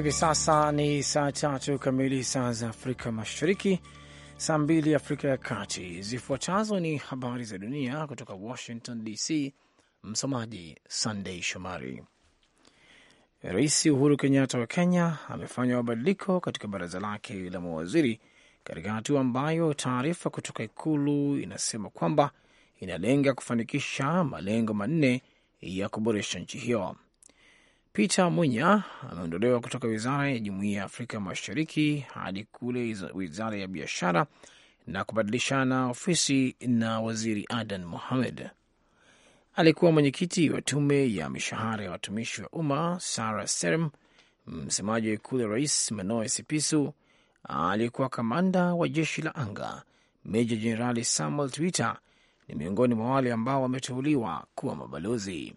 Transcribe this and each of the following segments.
Hivi sasa ni saa tatu kamili, saa za Afrika Mashariki, saa mbili Afrika ya Kati. Zifuatazo ni habari za dunia kutoka Washington DC. Msomaji Sandei Shomari. Rais Uhuru Kenyatta wa Kenya amefanya mabadiliko katika baraza lake la mawaziri katika hatua ambayo taarifa kutoka ikulu inasema kwamba inalenga kufanikisha malengo manne ya kuboresha nchi hiyo. Peter Munya ameondolewa kutoka wizara ya jumuiya ya Afrika Mashariki hadi kule wizara ya biashara na kubadilishana ofisi na waziri Adan Mohamed. Alikuwa mwenyekiti wa tume ya mishahara ya watumishi wa umma Sara Serem, msemaji wa ikulu ya rais Manoe Sipisu, aliyekuwa kamanda wa jeshi la anga meja jenerali Samuel Twitter ni miongoni mwa wale ambao wameteuliwa kuwa mabalozi.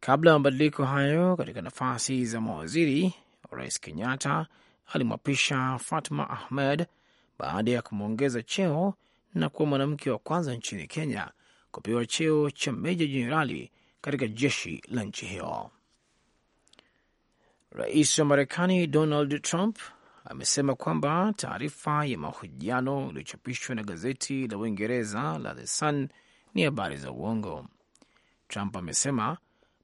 Kabla ya mabadiliko hayo katika nafasi za mawaziri, Rais Kenyatta alimwapisha Fatma Ahmed baada ya kumwongeza cheo na kuwa mwanamke wa kwanza nchini Kenya kupewa cheo cha meja jenerali katika jeshi la nchi hiyo. Rais wa Marekani Donald Trump amesema kwamba taarifa ya mahojiano iliyochapishwa na gazeti la Uingereza la The Sun ni habari za uongo. Trump amesema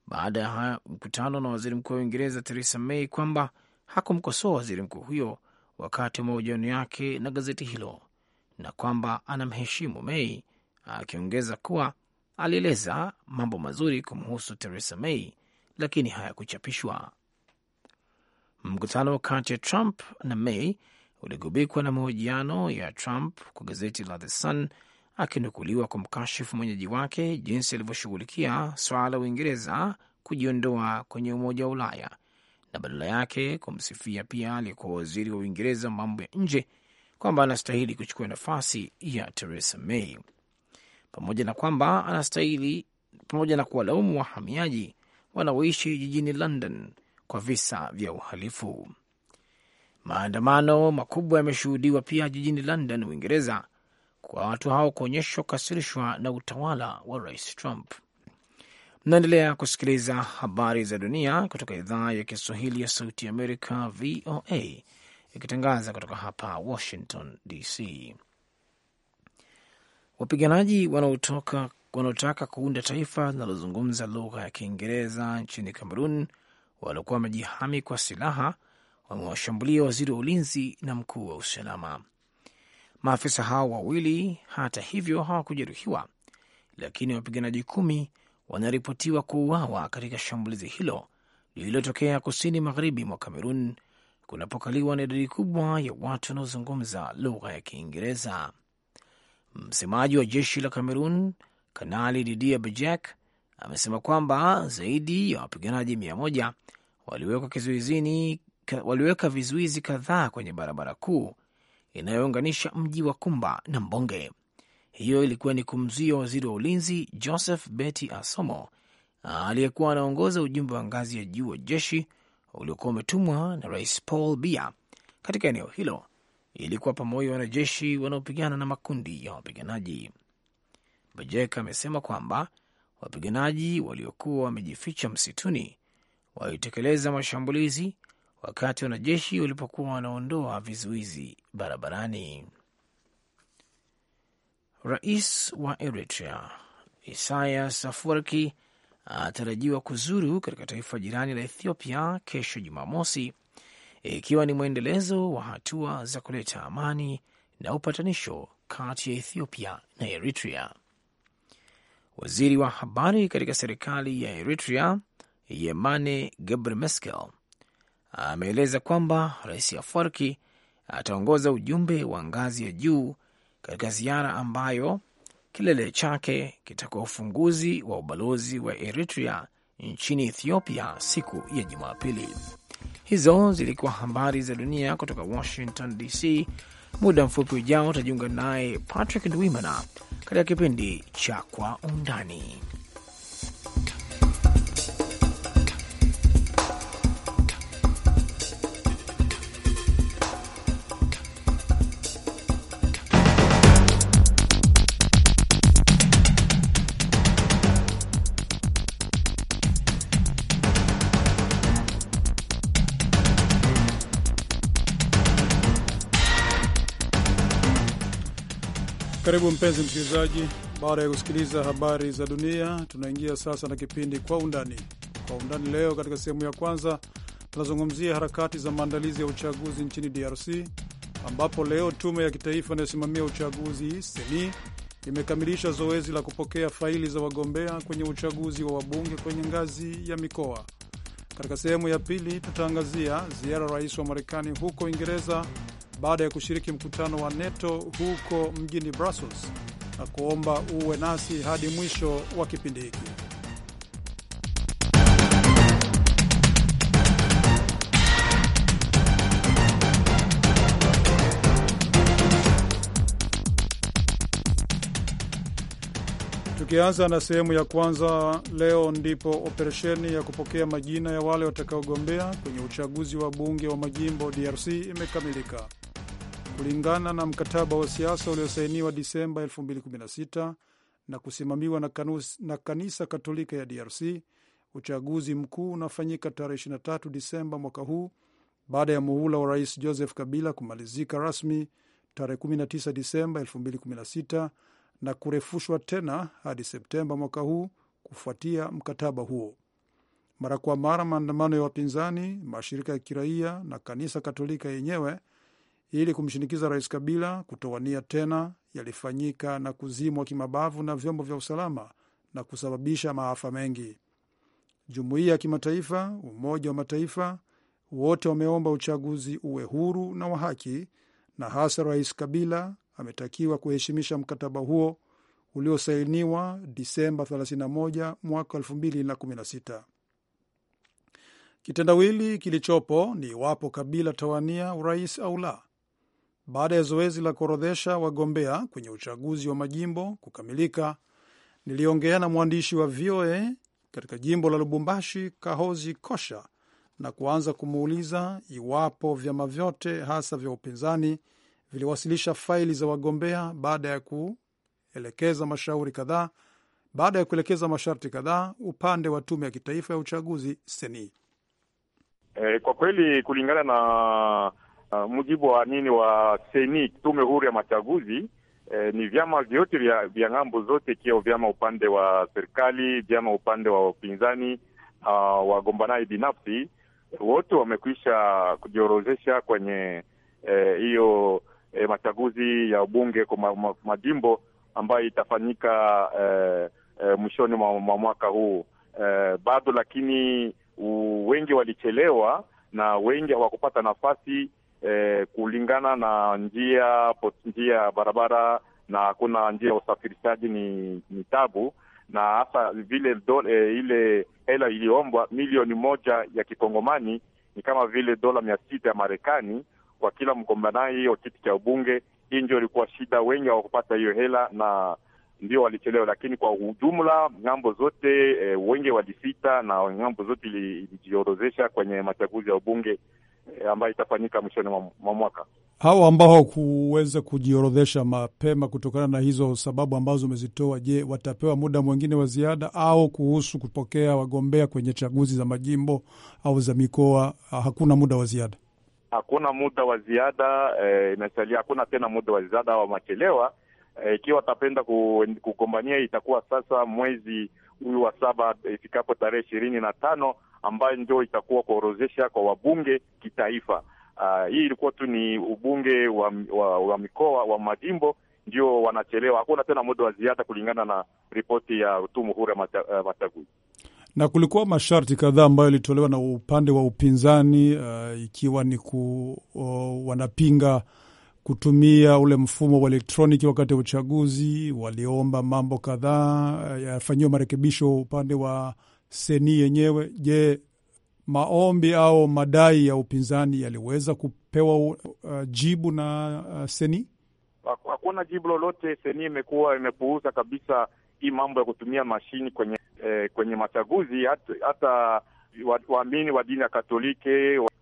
baada ya mkutano na waziri mkuu wa Uingereza Theresa May kwamba hakumkosoa waziri mkuu huyo wakati wa mahojiano yake na gazeti hilo na kwamba anamheshimu May, akiongeza kuwa alieleza mambo mazuri kumhusu Theresa May lakini hayakuchapishwa. Mkutano kati ya Trump na May uligubikwa na mahojiano ya Trump kwa gazeti la The Sun akinukuliwa kumkashifu mwenyeji wake jinsi alivyoshughulikia swala la Uingereza kujiondoa kwenye Umoja wa Ulaya na badala yake kumsifia pia aliyekuwa waziri wa Uingereza mambo ya nje kwamba anastahili kuchukua nafasi ya Theresa May pamoja na kwamba anastahili, pamoja na kuwalaumu wahamiaji wanaoishi jijini London kwa visa vya uhalifu. Maandamano makubwa yameshuhudiwa pia jijini London, Uingereza, kwa watu hao kuonyeshwa kukasirishwa na utawala wa Rais Trump. Mnaendelea kusikiliza habari za dunia kutoka idhaa ya Kiswahili ya Sauti Amerika, VOA, ikitangaza kutoka hapa Washington DC. Wapiganaji wanaotaka kuunda taifa linalozungumza lugha ya Kiingereza nchini Kamerun waliokuwa wamejihami kwa silaha wamewashambulia waziri wa ulinzi na mkuu wa usalama. Maafisa hao wawili hata hivyo hawakujeruhiwa, lakini wapiganaji kumi wanaripotiwa kuuawa katika shambulizi hilo lililotokea kusini magharibi mwa Kamerun kunapokaliwa na idadi kubwa ya watu wanaozungumza lugha ya Kiingereza. Msemaji wa jeshi la Kamerun, Kanali Didia Bejek, amesema kwamba zaidi ya wapiganaji mia moja waliweka vizuizi kadhaa kwenye barabara kuu inayounganisha mji wa Kumba na Mbonge. Hiyo ilikuwa ni kumzuia waziri wa ulinzi Joseph Beti Asomo aliyekuwa anaongoza ujumbe wa ngazi ya juu wa jeshi uliokuwa umetumwa na Rais Paul bia katika eneo hilo ili kuwapa moyo wanajeshi wanaopigana na makundi ya wapiganaji. Bajeka amesema kwamba wapiganaji waliokuwa wamejificha msituni walitekeleza mashambulizi wakati wanajeshi walipokuwa wanaondoa vizuizi barabarani. Rais wa Eritrea Isaias Afwerki anatarajiwa kuzuru katika taifa jirani la Ethiopia kesho Jumamosi, ikiwa ni mwendelezo wa hatua za kuleta amani na upatanisho kati ya Ethiopia na Eritrea. Waziri wa habari katika serikali ya Eritrea Yemane Gebremeskel ameeleza kwamba Rais Afarki ataongoza ujumbe wa ngazi ya juu katika ziara ambayo kilele chake kitakuwa ufunguzi wa ubalozi wa Eritrea nchini Ethiopia siku ya Jumapili. Hizo zilikuwa habari za dunia kutoka Washington DC. Muda mfupi ujao utajiunga naye Patrick Ndwimana katika kipindi cha Kwa Undani. Karibu mpenzi msikilizaji, baada ya kusikiliza habari za dunia, tunaingia sasa na kipindi kwa undani. Kwa undani leo, katika sehemu ya kwanza tunazungumzia harakati za maandalizi ya uchaguzi nchini DRC ambapo leo tume ya kitaifa inayosimamia uchaguzi seni imekamilisha zoezi la kupokea faili za wagombea kwenye uchaguzi wa wabunge kwenye ngazi ya mikoa. Katika sehemu ya pili tutaangazia ziara rais wa Marekani huko Uingereza baada ya kushiriki mkutano wa NATO huko mjini Brussels na kuomba uwe nasi hadi mwisho wa kipindi hiki. Tukianza na sehemu ya kwanza, leo ndipo operesheni ya kupokea majina ya wale watakaogombea kwenye uchaguzi wa bunge wa majimbo DRC imekamilika kulingana na mkataba wa siasa uliosainiwa Disemba 2016 na kusimamiwa na, kanus, na kanisa Katolika ya DRC. Uchaguzi mkuu unafanyika tarehe 23 Disemba mwaka huu baada ya muhula wa rais Joseph Kabila kumalizika rasmi tarehe 19 Disemba 2016 na kurefushwa tena hadi Septemba mwaka huu kufuatia mkataba huo. Mara kwa mara maandamano ya wapinzani, mashirika ya kiraia na kanisa Katolika yenyewe ili kumshinikiza Rais Kabila kutowania tena yalifanyika na kuzimwa kimabavu na vyombo vya usalama na kusababisha maafa mengi. Jumuiya ya kimataifa, Umoja wa Mataifa, wote wameomba uchaguzi uwe huru na wa haki, na hasa Rais Kabila ametakiwa kuheshimisha mkataba huo uliosainiwa Disemba 31 mwaka 2016. Kitendawili kilichopo ni iwapo Kabila tawania urais au la. Baada ya zoezi la kuorodhesha wagombea kwenye uchaguzi wa majimbo kukamilika, niliongea na mwandishi wa VOA katika jimbo la Lubumbashi, Kahozi Kosha, na kuanza kumuuliza iwapo vyama vyote hasa vya upinzani viliwasilisha faili za wagombea baada ya kuelekeza mashauri kadhaa baada ya kuelekeza masharti kadhaa upande wa tume ya kitaifa ya uchaguzi seni. E, kwa kweli kulingana na Uh, mujibu wa nini wa seni tume huru ya machaguzi e, ni vyama vyote vya ng'ambo zote, ikiwa vyama upande wa serikali, vyama upande wa upinzani, uh, wagombanaji binafsi wote wamekwisha kujiorozesha kwenye eh, hiyo e, e, machaguzi ya ubunge kwa majimbo ambayo itafanyika e, e, mwishoni mwa mwaka huu e, bado lakini wengi walichelewa na wengi hawakupata nafasi eh, kulingana na njia njia ya barabara na hakuna njia ya usafirishaji ni, ni tabu na hasa vile do, eh, ile hela iliyoombwa milioni moja ya kikongomani ni kama vile dola mia sita ya Marekani kwa kila mgombanai wa kiti cha ubunge. Hii ndio ilikuwa shida, wengi hawakupata hiyo hela na ndio walichelewa, lakini kwa ujumla ng'ambo zote e, wengi walisita na ng'ambo zote ilijiorozesha kwenye machaguzi ya ubunge e, ambayo itafanyika mwishoni mwa mwaka. Hawa ambao hawakuweza kujiorodhesha mapema kutokana na hizo sababu ambazo umezitoa, je, watapewa muda mwingine wa ziada? Au kuhusu kupokea wagombea kwenye chaguzi za majimbo au za mikoa, ah, hakuna muda wa ziada? Hakuna muda wa ziada e, eh, imesalia. Hakuna tena muda wa ziada au wamechelewa. Eh, ikiwa e, watapenda kugombania, itakuwa sasa mwezi huyu wa saba ifikapo tarehe ishirini na tano ambayo ndio itakuwa kuorozesha kwa wabunge kitaifa. Uh, hii ilikuwa tu ni ubunge wa, wa, wa mikoa wa majimbo ndio wanachelewa, hakuna tena muda wa ziada kulingana na ripoti ya Tumuhure machaguzi eh, Na kulikuwa masharti kadhaa ambayo yalitolewa na upande wa upinzani uh, ikiwa ni ku uh, wanapinga kutumia ule mfumo wa elektroniki wakati wa uchaguzi. Waliomba mambo kadhaa uh, yafanyiwe marekebisho upande wa seni yenyewe. Je, maombi au madai ya upinzani yaliweza kupewa uh, jibu na uh, seni? Hakuna jibu lolote. Seni imekuwa imepuuza kabisa hii mambo ya kutumia mashini kwenye eh, kwenye machaguzi. Hata, waamini wa dini ya Katoliki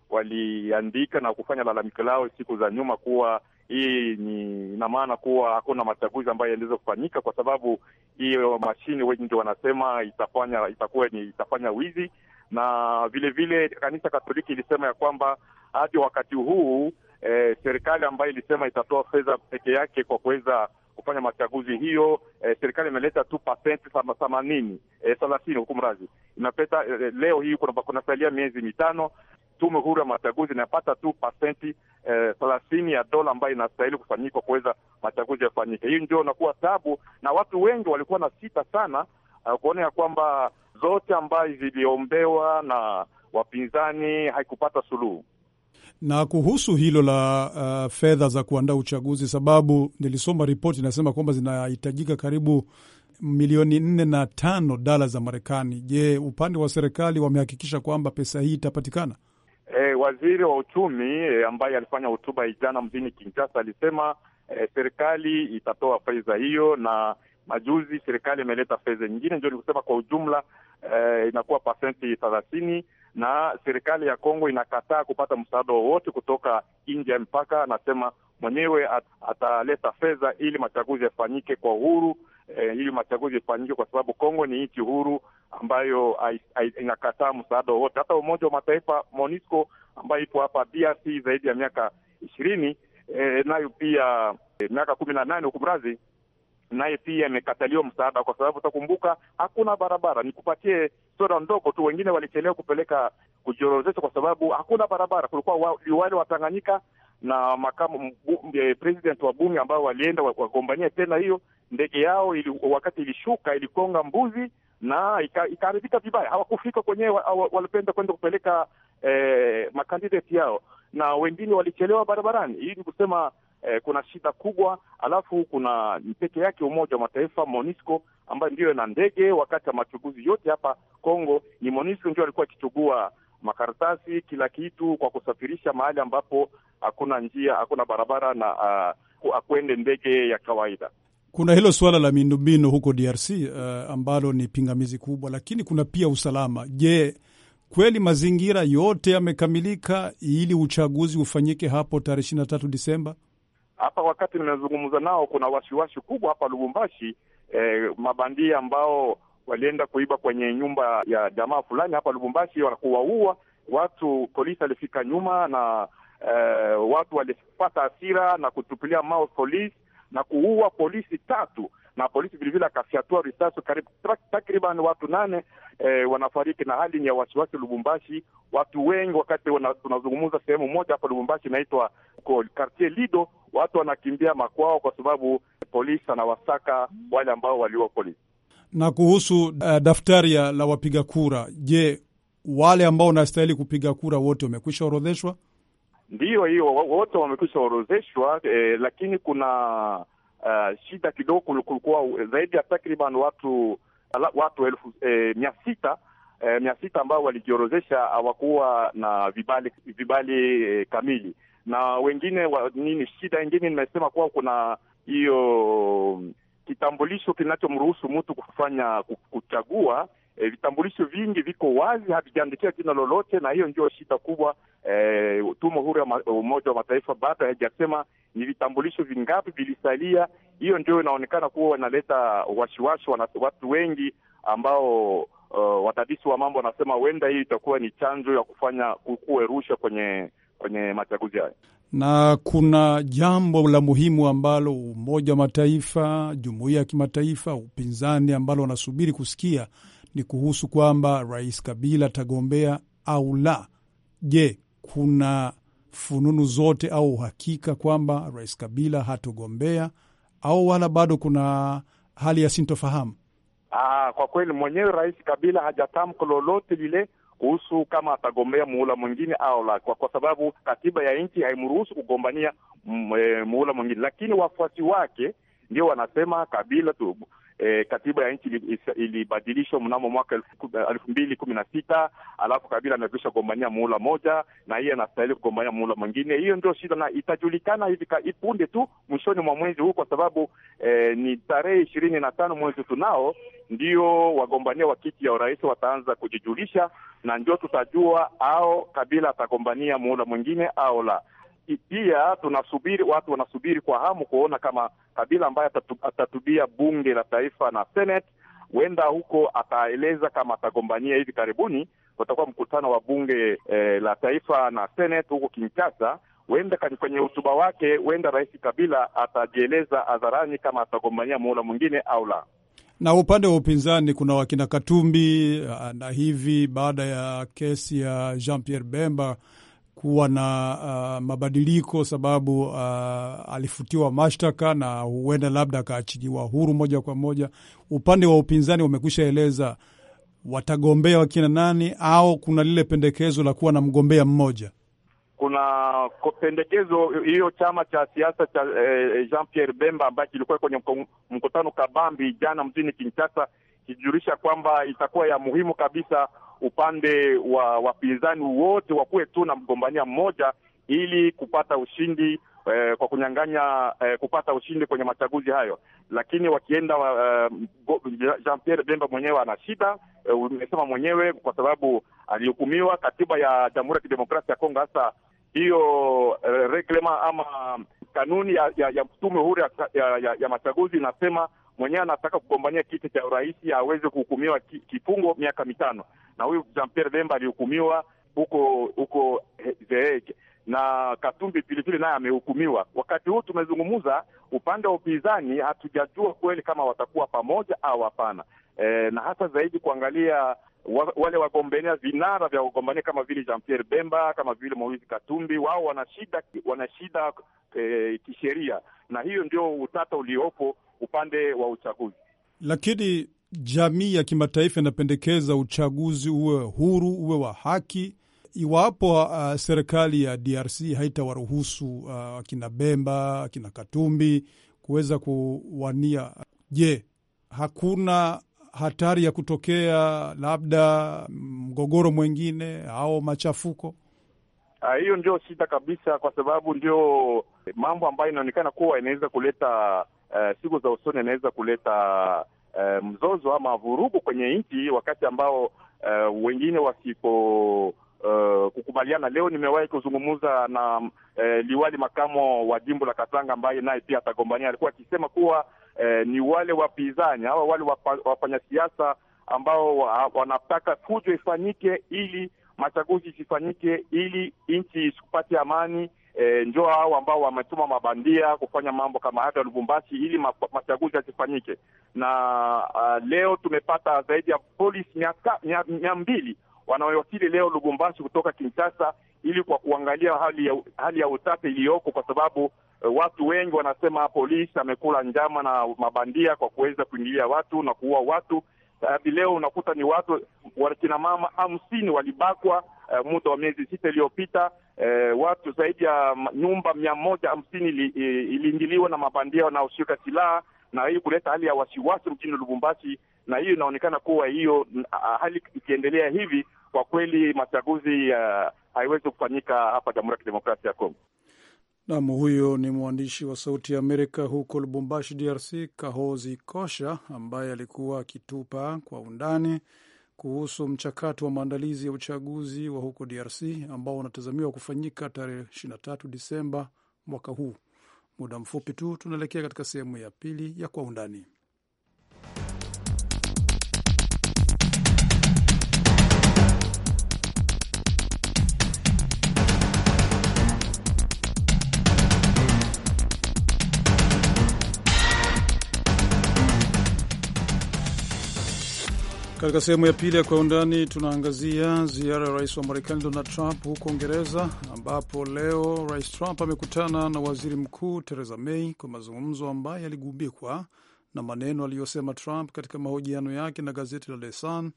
waliandika na kufanya lalamiko lao siku za nyuma kuwa hii ni ina maana kuwa hakuna machaguzi ambayo yaliweza kufanyika, kwa sababu hiyo mashine wengi ndio wanasema itafanya itakuwa ni itafanya wizi, na vile vile kanisa Katoliki ilisema ya kwamba hadi wakati huu eh, serikali ambayo ilisema itatoa fedha peke yake kwa kuweza kufanya machaguzi hiyo, eh, serikali imeleta tu pasenti themanini eh, thelathini, huku mrazi inapeta eh, leo hii kuna kunasalia miezi mitano tume huru ya machaguzi inapata tu pasenti eh, thelathini eh, ya dola ambayo inastahili kufanyika kuweza machaguzi yafanyike. Hii ndio unakuwa tabu, na watu wengi walikuwa na sita sana uh, kuona ya kwamba zote ambayo ziliombewa na wapinzani haikupata suluhu. Na kuhusu hilo la uh, fedha za kuandaa uchaguzi, sababu nilisoma ripoti inasema kwamba zinahitajika karibu milioni nne na tano dala za Marekani. Je, upande wa serikali wamehakikisha kwamba pesa hii itapatikana? E, waziri wa uchumi e, ambaye alifanya hotuba ijana mjini Kinshasa alisema e, serikali itatoa fedha hiyo, na majuzi serikali imeleta fedha nyingine, ndio nikusema kwa ujumla e, inakuwa pasenti thelathini, na serikali ya Kongo inakataa kupata msaada wowote kutoka nje ya mpaka. Anasema mwenyewe at, ataleta fedha ili machaguzi yafanyike kwa uhuru e, ili machaguzi yafanyike kwa sababu Kongo ni nchi huru ambayo inakataa msaada wowote. Hata Umoja wa Mataifa MONUSCO ambayo ipo hapa DRC zaidi ya miaka ishirini eh, nayo pia eh, miaka kumi na nane huku mrazi naye pia imekataliwa msaada, kwa sababu utakumbuka hakuna barabara. Nikupatie soda ndogo tu, wengine walichelewa kupeleka kujiorozesha kwa sababu hakuna barabara. Kulikuwa wale wa Tanganyika na makamu eh, president wa bunge ambao walienda wagombania tena hiyo ndege yao ili, wakati ilishuka ilikonga mbuzi na ikaharibika vibaya. Hawakufika kwenyewe walipenda kwenda kupeleka eh, makandidati yao, na wengine walichelewa barabarani. Hii ni kusema eh, kuna shida kubwa. Alafu kuna peke yake Umoja wa Mataifa monisco ambayo ndiyo na ndege wakati ya machuguzi yote hapa congo ni monisco ndio alikuwa akichugua makaratasi, kila kitu kwa kusafirisha mahali ambapo hakuna njia, hakuna barabara na uh, ndege ya kawaida. Kuna hilo suala la miundombinu huko DRC uh, eh, ambalo ni pingamizi kubwa, lakini kuna pia usalama. Je, kweli mazingira yote yamekamilika ili uchaguzi ufanyike hapo tarehe ishirini na tatu Disemba? Hapa wakati ninazungumza nao, kuna wasiwasi kubwa hapa Lubumbashi, eh, mabandia ambao walienda kuiba kwenye nyumba ya jamaa fulani hapa Lubumbashi, wanakuwaua watu. Polisi alifika nyuma na uh, watu walipata hasira na kutupilia mao polisi na kuua polisi tatu na polisi vilevile akafyatua risasi karibu takriban watu nane e, wanafariki, na hali ni ya wasiwasi Lubumbashi. Watu wengi wakati tunazungumza, sehemu moja hapa Lubumbashi inaitwa Quartier Lido, watu wanakimbia makwao kwa sababu polisi anawasaka wale ambao waliua polisi. Na kuhusu uh, daftari la wapiga kura, je, wale ambao wanastahili kupiga kura wote wamekwisha orodheshwa? Ndiyo, hiyo wote wamekwisha orodheshwa eh, lakini kuna uh, shida kidogo. Kulikuwa zaidi ya takriban watu watu elfu eh, mia sita eh, mia sita ambao walijiorodhesha hawakuwa na vibali vibali eh, kamili na wengine wa, nini shida ingine nimesema kuwa kuna hiyo kitambulisho kinachomruhusu mtu kufanya kuchagua. E, vitambulisho vingi viko wazi, havijaandikia jina lolote, na hiyo ndio shida kubwa. E, tume huru ya Umoja wa Mataifa bado haijasema ni vitambulisho vingapi vilisalia. Hiyo ndio inaonekana kuwa wanaleta wasiwasi watu wengi ambao uh, wadadisi wa mambo wanasema huenda hii itakuwa ni chanjo ya kufanya kuerusha kwenye kwenye machaguzi hayo. Na kuna jambo la muhimu ambalo Umoja wa Mataifa, jumuiya ya kimataifa, upinzani ambalo wanasubiri kusikia ni kuhusu kwamba Rais Kabila atagombea au la. Je, kuna fununu zote au uhakika kwamba Rais Kabila hatogombea au wala bado kuna hali ya sintofahamu? Aa, ah, kwa kweli mwenyewe Rais Kabila hajatamka lolote lile kuhusu kama atagombea muhula mwingine au la, kwa, kwa sababu katiba ya nchi haimruhusu kugombania mm, eh, muhula mwingine, lakini wafuasi wake ndio wanasema Kabila tu eh, katiba ya nchi ilibadilishwa mnamo mwaka elfu mbili kumi na sita alafu Kabila amekwisha kugombania muhula moja na hiye anastahili kugombania muhula mwingine. Hiyo ndio shida na itajulikana hivi ipunde tu mwishoni mwa mwezi huu, kwa sababu eh, ni tarehe ishirini na tano mwezi tunao ndio wagombania wa kiti ya urais wataanza kujijulisha, na ndio tutajua ao Kabila atagombania muhula mwingine ao la pia tunasubiri, watu wanasubiri kwa hamu kuona kama Kabila ambaye atatubia bunge la taifa na Senate, huenda huko ataeleza kama atagombania hivi karibuni. Kutakuwa mkutano wa bunge eh, la taifa na Senate huko Kinshasa. Huenda kwenye hotuba wake, huenda Rais Kabila atajieleza hadharani kama atagombania muhula mwingine au la. Na upande wa upinzani kuna wakina Katumbi eh, na hivi, baada ya kesi ya Jean Pierre Bemba kuwa na uh, mabadiliko sababu uh, alifutiwa mashtaka na huenda labda akaachiliwa huru moja kwa moja. Upande wa upinzani wamekwisha eleza watagombea wakina nani, au kuna lile pendekezo la kuwa na mgombea mmoja. Kuna pendekezo hiyo chama cha siasa cha eh, Jean Pierre Bemba ambaye kilikuwa kwenye mkutano kabambi jana mjini Kinshasa ikijulisha kwamba itakuwa ya muhimu kabisa upande wa wapinzani wote wakuwe tu na mgombania mmoja ili kupata ushindi eh, kwa kunyang'anya eh, kupata ushindi kwenye machaguzi hayo. Lakini wakienda eh, Jean Pierre Bemba mwenyewe ana shida eh, umesema mwenyewe, kwa sababu alihukumiwa. Katiba ya Jamhuri ya Kidemokrasia ya Kongo hasa hiyo eh, reglema ama kanuni ya, ya, ya tume huru ya, ya, ya, ya machaguzi inasema mwenyewe anataka kugombania kiti cha urais aweze kuhukumiwa kifungo miaka mitano, na huyu Jean Pierre Bemba alihukumiwa huko huko The eh, Hague na Katumbi Pilipili naye amehukumiwa. Wakati huu tumezungumza, upande wa upinzani hatujajua kweli kama watakuwa pamoja au hapana, e, na hasa zaidi kuangalia wa, wale wagombania vinara vya wagombania kama vile Jean Pierre Bemba kama vile Moise Katumbi, wao wana shida wana shida e, kisheria, na hiyo ndio utata uliopo upande wa uchaguzi. Lakini jamii ya kimataifa inapendekeza uchaguzi uwe huru, uwe wa haki. Iwapo uh, serikali ya DRC haitawaruhusu uh, akina Bemba, akina Katumbi kuweza kuwania, je, hakuna hatari ya kutokea labda mgogoro mwingine au machafuko? Ah, hiyo ndio shida kabisa, kwa sababu ndio mambo ambayo inaonekana kuwa inaweza kuleta uh, siku za usoni anaweza kuleta uh, mzozo ama vurugu kwenye nchi, wakati ambao uh, wengine wasipo uh, kukubaliana. Leo nimewahi kuzungumza na uh, liwali makamo wa jimbo la Katanga ambaye naye pia atagombania, alikuwa akisema kuwa uh, ni wale wapinzani au wale wafanya siasa ambao wanataka fujo ifanyike ili machaguzi isifanyike ili nchi isipate amani e, ndio hao ambao wametuma mabandia kufanya mambo kama hayo ya Lubumbashi ili machaguzi yasifanyike. Na uh, leo tumepata zaidi ya polisi mia, mbili wanaowasili leo Lubumbashi kutoka Kinshasa ili kwa kuangalia hali ya, hali ya utata iliyoko kwa sababu e, watu wengi wanasema polisi amekula njama na mabandia kwa kuweza kuingilia watu na kuua watu. Hadi leo unakuta ni watu wakina mama hamsini walibakwa uh, muda wa miezi sita iliyopita, e, watu zaidi ya nyumba mia moja hamsini iliingiliwa na mabandia wanaoshika silaha, na hii kuleta hali ya wasiwasi mjini Lubumbashi, na hiyo inaonekana kuwa hiyo hali ikiendelea hivi, kwa kweli machaguzi uh, haiwezi kufanyika hapa Jamhuri ya Kidemokrasia ya Kongo. Nam, huyo ni mwandishi wa Sauti ya Amerika huko Lubumbashi, DRC, Kahozi Kosha, ambaye alikuwa akitupa kwa undani kuhusu mchakato wa maandalizi ya uchaguzi wa huko DRC ambao unatazamiwa kufanyika tarehe 23 Disemba mwaka huu. Muda mfupi tu tunaelekea katika sehemu ya pili ya Kwa Undani. Katika sehemu ya pili ya Kwa Undani tunaangazia ziara ya rais wa Marekani Donald Trump huko Uingereza, ambapo leo Rais Trump amekutana na waziri mkuu Theresa May kwa mazungumzo ambayo yaligubikwa na maneno aliyosema Trump katika mahojiano yake na gazeti la The Sun,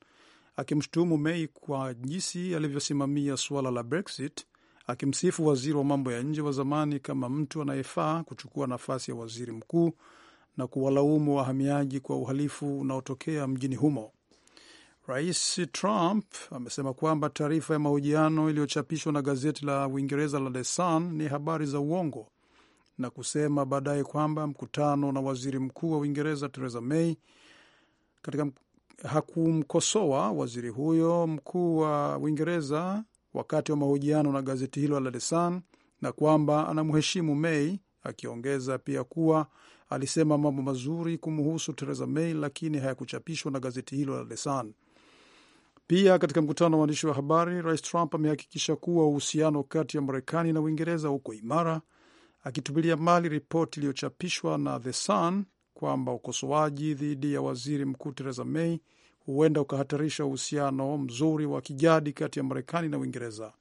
akimshutumu May kwa jinsi alivyosimamia suala la Brexit, akimsifu waziri wa mambo ya nje wa zamani kama mtu anayefaa kuchukua nafasi ya waziri mkuu na kuwalaumu wahamiaji kwa uhalifu unaotokea mjini humo. Rais Trump amesema kwamba taarifa ya mahojiano iliyochapishwa na gazeti la Uingereza la The Sun ni habari za uongo na kusema baadaye kwamba mkutano na waziri mkuu wa Uingereza Theresa May katika hakumkosoa waziri huyo mkuu wa Uingereza wakati wa mahojiano na gazeti hilo la The Sun na kwamba anamheshimu May, akiongeza pia kuwa alisema mambo mazuri kumhusu Theresa May lakini hayakuchapishwa na gazeti hilo la The Sun. Pia katika mkutano wa waandishi wa habari, Rais Trump amehakikisha kuwa uhusiano kati ya Marekani na Uingereza uko imara, akitupilia mbali ripoti iliyochapishwa na The Sun kwamba ukosoaji dhidi ya waziri mkuu Theresa May huenda ukahatarisha uhusiano mzuri wa kijadi kati ya Marekani na Uingereza.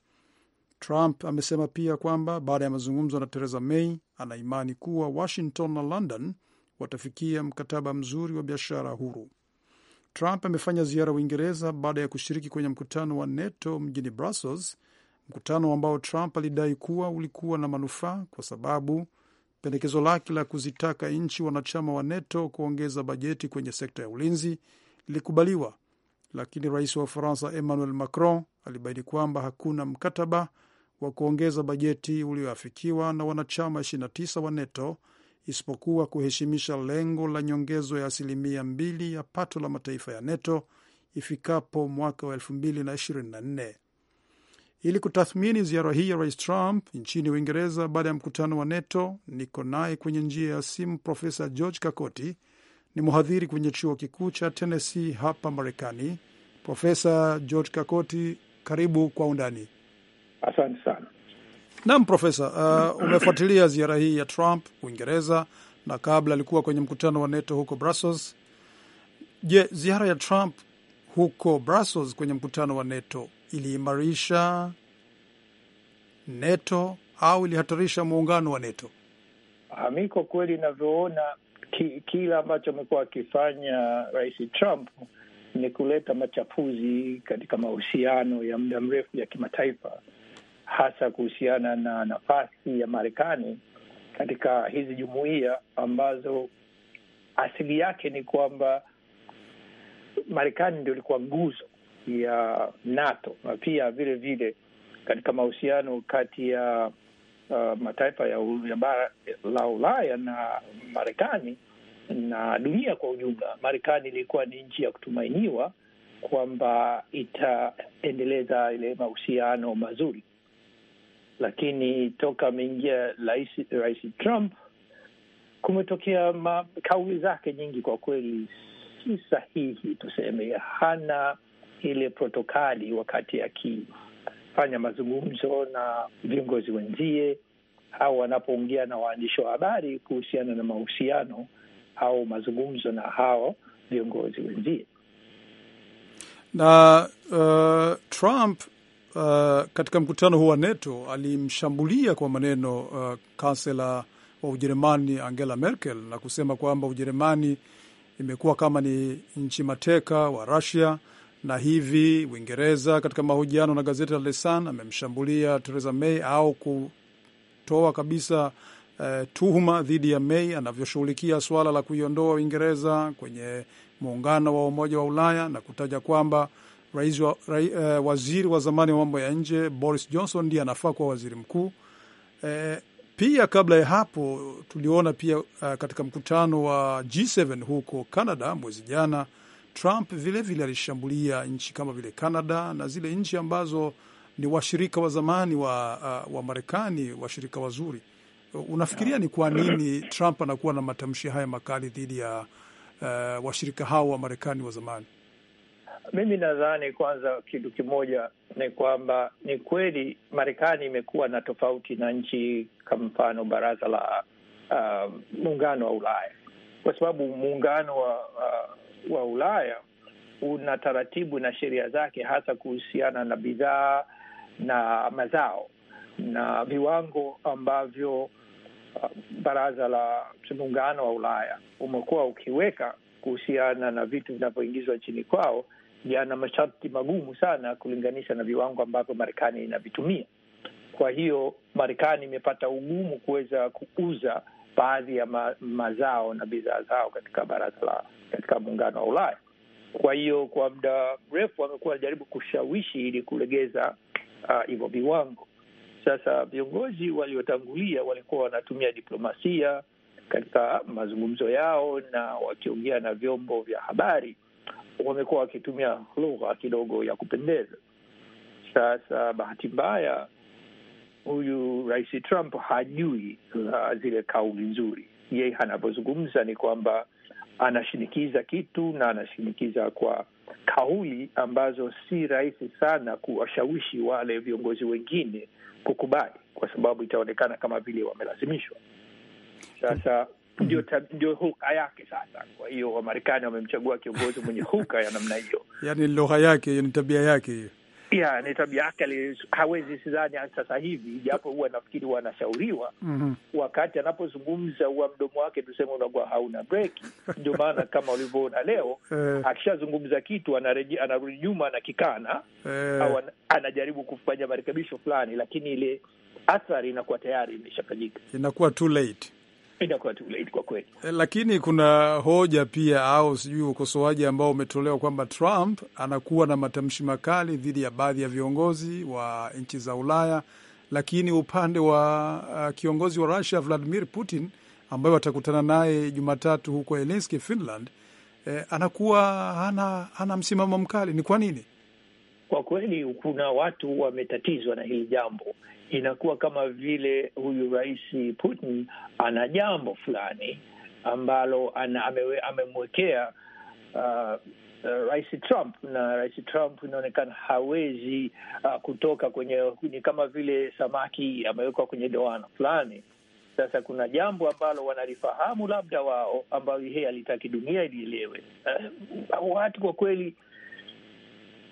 Trump amesema pia kwamba baada ya mazungumzo na Theresa May ana imani kuwa Washington na London watafikia mkataba mzuri wa biashara huru. Trump amefanya ziara Uingereza baada ya kushiriki kwenye mkutano wa NATO mjini Brussels, mkutano ambao Trump alidai kuwa ulikuwa na manufaa kwa sababu pendekezo lake la kuzitaka nchi wanachama wa NATO kuongeza bajeti kwenye sekta ya ulinzi lilikubaliwa, lakini rais wa Ufaransa Emmanuel Macron alibaini kwamba hakuna mkataba wa kuongeza bajeti ulioafikiwa na wanachama 29 wa NATO isipokuwa kuheshimisha lengo la nyongezo ya asilimia mbili ya pato la mataifa ya neto ifikapo mwaka wa 2024. Ili kutathmini ziara hii ya Rais Trump nchini Uingereza baada ya mkutano wa NATO, niko naye kwenye njia ya simu Profesa George Kakoti, ni mhadhiri kwenye chuo kikuu cha Tennessee hapa Marekani. Profesa George Kakoti, karibu kwa undani. Asante sana. Naam, Profesa, uh, umefuatilia ziara hii ya Trump Uingereza, na kabla alikuwa kwenye mkutano wa NATO huko Brussels. Je, ziara ya Trump huko Brussels kwenye mkutano wa NATO iliimarisha NATO au ilihatarisha muungano wa NATO? Ah, mi kwa kweli inavyoona, ki, kila ambacho amekuwa akifanya Rais Trump ni kuleta machafuzi katika mahusiano ya muda mrefu ya kimataifa hasa kuhusiana na nafasi ya Marekani katika hizi jumuiya ambazo asili yake ni kwamba Marekani ndio ilikuwa nguzo ya NATO na pia vile vile katika mahusiano kati ya uh, mataifa ya, ya bara la Ulaya na Marekani na dunia kwa ujumla. Marekani ilikuwa ni nchi ya kutumainiwa kwamba itaendeleza ile mahusiano mazuri lakini toka ameingia Rais Trump kumetokea kauli zake nyingi, kwa kweli si sahihi, tuseme hana ile protokali wakati akifanya mazungumzo na viongozi wenzie au wanapoongea na waandishi wa habari kuhusiana na mahusiano au mazungumzo na hao viongozi wenzie na uh, Trump uh, katika mkutano huu wa NATO alimshambulia kwa maneno uh, kansela wa Ujerumani Angela Merkel na kusema kwamba Ujerumani imekuwa kama ni nchi mateka wa Russia na hivi Uingereza katika mahojiano na gazeti la Lesan amemshambulia Theresa May au kutoa kabisa eh, tuhuma dhidi ya May anavyoshughulikia suala la kuiondoa Uingereza kwenye muungano wa Umoja wa Ulaya na kutaja kwamba rais wa, ra, uh, eh, waziri wa zamani wa mambo ya nje Boris Johnson ndiye anafaa kuwa waziri mkuu Uh, pia kabla ya hapo tuliona pia uh, katika mkutano wa G7 huko Canada mwezi jana, Trump vilevile alishambulia nchi kama vile Canada na zile nchi ambazo ni washirika wa zamani wa, uh, wa Marekani, washirika wazuri. Unafikiria ni kwa nini Trump anakuwa na matamshi haya makali dhidi ya uh, washirika hao wa Marekani wa zamani? Mimi nadhani kwanza kitu kimoja ni kwamba ni kweli Marekani imekuwa na tofauti na nchi kwa mfano baraza la uh, muungano wa Ulaya, kwa sababu muungano wa, uh, wa Ulaya una taratibu na sheria zake, hasa kuhusiana na bidhaa na mazao na viwango ambavyo uh, baraza la muungano wa Ulaya umekuwa ukiweka kuhusiana na vitu vinavyoingizwa nchini kwao yana masharti magumu sana kulinganisha na viwango ambavyo Marekani inavitumia. Kwa hiyo Marekani imepata ugumu kuweza kuuza baadhi ya ma, mazao na bidhaa zao katika baraza la katika muungano wa Ulaya. Kwa hiyo kwa muda mrefu wamekuwa wanajaribu kushawishi ili kulegeza uh, hivyo uh, viwango. Sasa viongozi waliotangulia walikuwa wanatumia diplomasia katika mazungumzo yao na wakiongea na vyombo vya habari wamekuwa wakitumia lugha kidogo ya kupendeza. Sasa bahati mbaya, huyu Rais Trump hajui uh, zile kauli nzuri. Yeye anapozungumza ni kwamba anashinikiza kitu na anashinikiza kwa kauli ambazo si rahisi sana kuwashawishi wale viongozi wengine kukubali, kwa sababu itaonekana kama vile wamelazimishwa. Sasa Mm-hmm. ndio ndio huka yake sasa. Kwa hiyo Wamarekani wamemchagua kiongozi mwenye huka ya namna hiyo, yani lugha yake ni tabia yake hiyo ya ni tabia yake, hawezi sidhani sasa hivi, japo huwa nafikiri wanashauriwa mm -hmm. Wakati anapozungumza huwa mdomo wake tuseme unakuwa hauna breki, ndio maana kama ulivyoona leo eh, akishazungumza kitu anarudi anarudi nyuma kikana eh, au anajaribu kufanya marekebisho fulani, lakini ile athari inakuwa tayari imeshafanyika, inakuwa too late itakuwa too late kwa kweli. Eh, lakini kuna hoja pia au sijui ukosoaji ambao umetolewa kwamba Trump anakuwa na matamshi makali dhidi ya baadhi ya viongozi wa nchi za Ulaya, lakini upande wa uh, kiongozi wa Russia Vladimir Putin ambayo watakutana naye Jumatatu huko Helsinki, Finland, eh, anakuwa hana, hana msimamo mkali. Ni kwa nini? Kwa kweli kuna watu wametatizwa na hili jambo. Inakuwa kama vile huyu Rais Putin ana jambo fulani ambalo amemwekea uh, Uh, Rais Trump na Rais Trump inaonekana hawezi uh, kutoka kwenye, ni kama vile samaki amewekwa kwenye doana fulani. Sasa kuna jambo ambalo wanalifahamu labda wao, ambayo yeye alitaki dunia ilielewe. Uh, watu kwa kweli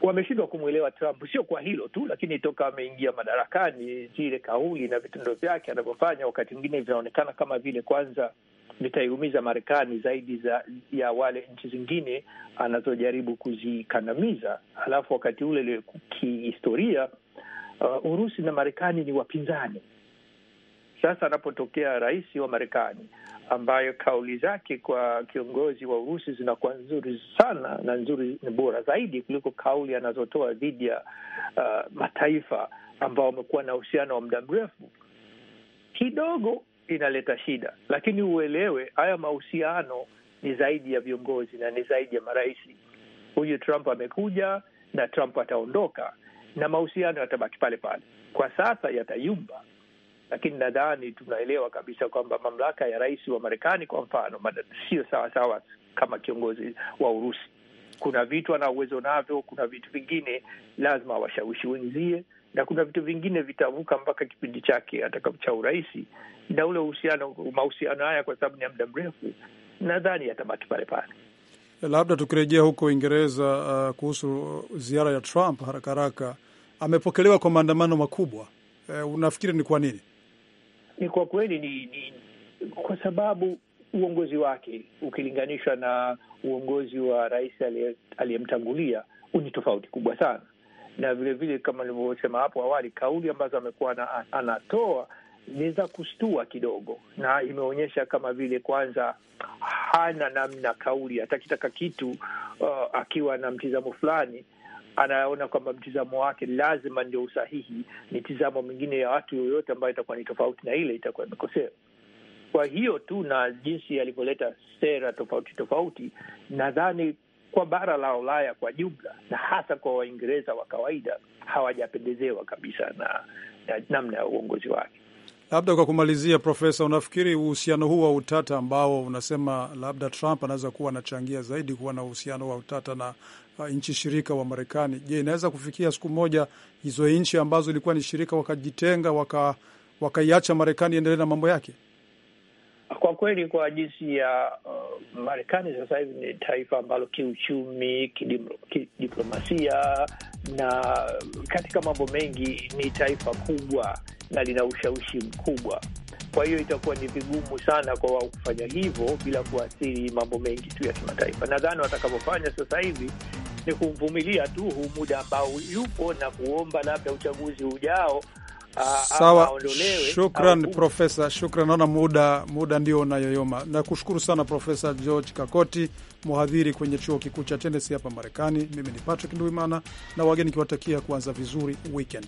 wameshindwa kumwelewa Trump, sio kwa hilo tu, lakini toka ameingia madarakani, zile kauli na vitendo vyake anavyofanya wakati mwingine vinaonekana kama vile kwanza vitaiumiza Marekani zaidi za, ya wale nchi zingine anazojaribu kuzikandamiza. Alafu wakati ule kihistoria, uh, Urusi na Marekani ni wapinzani. Sasa anapotokea rais wa Marekani ambayo kauli zake kwa kiongozi wa Urusi zinakuwa nzuri sana na nzuri ni bora zaidi kuliko kauli anazotoa dhidi ya uh, mataifa ambao wamekuwa na uhusiano wa muda mrefu. Kidogo inaleta shida, lakini uelewe haya mahusiano ni zaidi ya viongozi na ni zaidi ya marais. Huyu Trump amekuja na Trump ataondoka na mahusiano yatabaki pale pale, kwa sasa yatayumba lakini nadhani tunaelewa kabisa kwamba mamlaka ya rais wa Marekani kwa mfano sio sawasawa kama kiongozi wa Urusi. Kuna vitu ana uwezo navyo, kuna vitu vingine lazima washawishi wenzie, na kuna vitu vingine vitavuka mpaka kipindi chake cha urais, na ule uhusiano, mahusiano haya kwa sababu ni ya muda mrefu, nadhani yatabaki pale pale. Labda tukirejea huko Uingereza, uh, kuhusu ziara ya Trump haraka haraka, amepokelewa kwa maandamano makubwa. Uh, unafikiri ni kwa nini? Ni kwa kweli ni, ni kwa sababu uongozi wake ukilinganishwa na uongozi wa rais aliyemtangulia ni tofauti kubwa sana, na vilevile vile kama nilivyosema hapo awali, kauli ambazo amekuwa anatoa ni za kustua kidogo, na imeonyesha kama vile kwanza hana namna kauli atakitaka kitu uh, akiwa na mtizamo fulani anaona kwamba mtizamo wake lazima ndio usahihi. Mitizamo mingine ya watu yoyote ambayo itakuwa ni tofauti na ile itakuwa imekosea. Kwa hiyo tu na jinsi alivyoleta sera tofauti tofauti, nadhani kwa bara la Ulaya kwa jumla na hasa kwa Waingereza wa kawaida hawajapendezewa kabisa na namna ya uongozi wake. Labda kwa kumalizia, Profesa, unafikiri uhusiano huu wa utata ambao unasema labda Trump anaweza kuwa anachangia zaidi kuwa na uhusiano wa utata na Uh, nchi shirika wa Marekani. Je, inaweza kufikia siku moja hizo nchi ambazo ilikuwa ni shirika wakajitenga, waka wakaiacha Marekani iendelee na mambo yake? Kwa kweli kwa jinsi ya uh, Marekani sasa hivi ni taifa ambalo kiuchumi, kidiplomasia na katika mambo mengi ni taifa kubwa na lina ushawishi mkubwa. Kwa hiyo itakuwa ni vigumu sana kwa wao kufanya hivyo bila kuathiri mambo mengi tu ya kimataifa. Nadhani watakavyofanya sasa hivi ni kumvumilia tu huu muda ambao yupo na kuomba labda uchaguzi ujao. Ah, Sawa, shukran Profesa, shukran. Naona muda muda ndio unayoyoma. Nakushukuru sana Profesa George Kakoti, mhadhiri kwenye chuo kikuu cha Tennessee hapa Marekani. Mimi ni Patrick Nduimana na wageni kiwatakia kuanza vizuri weekend.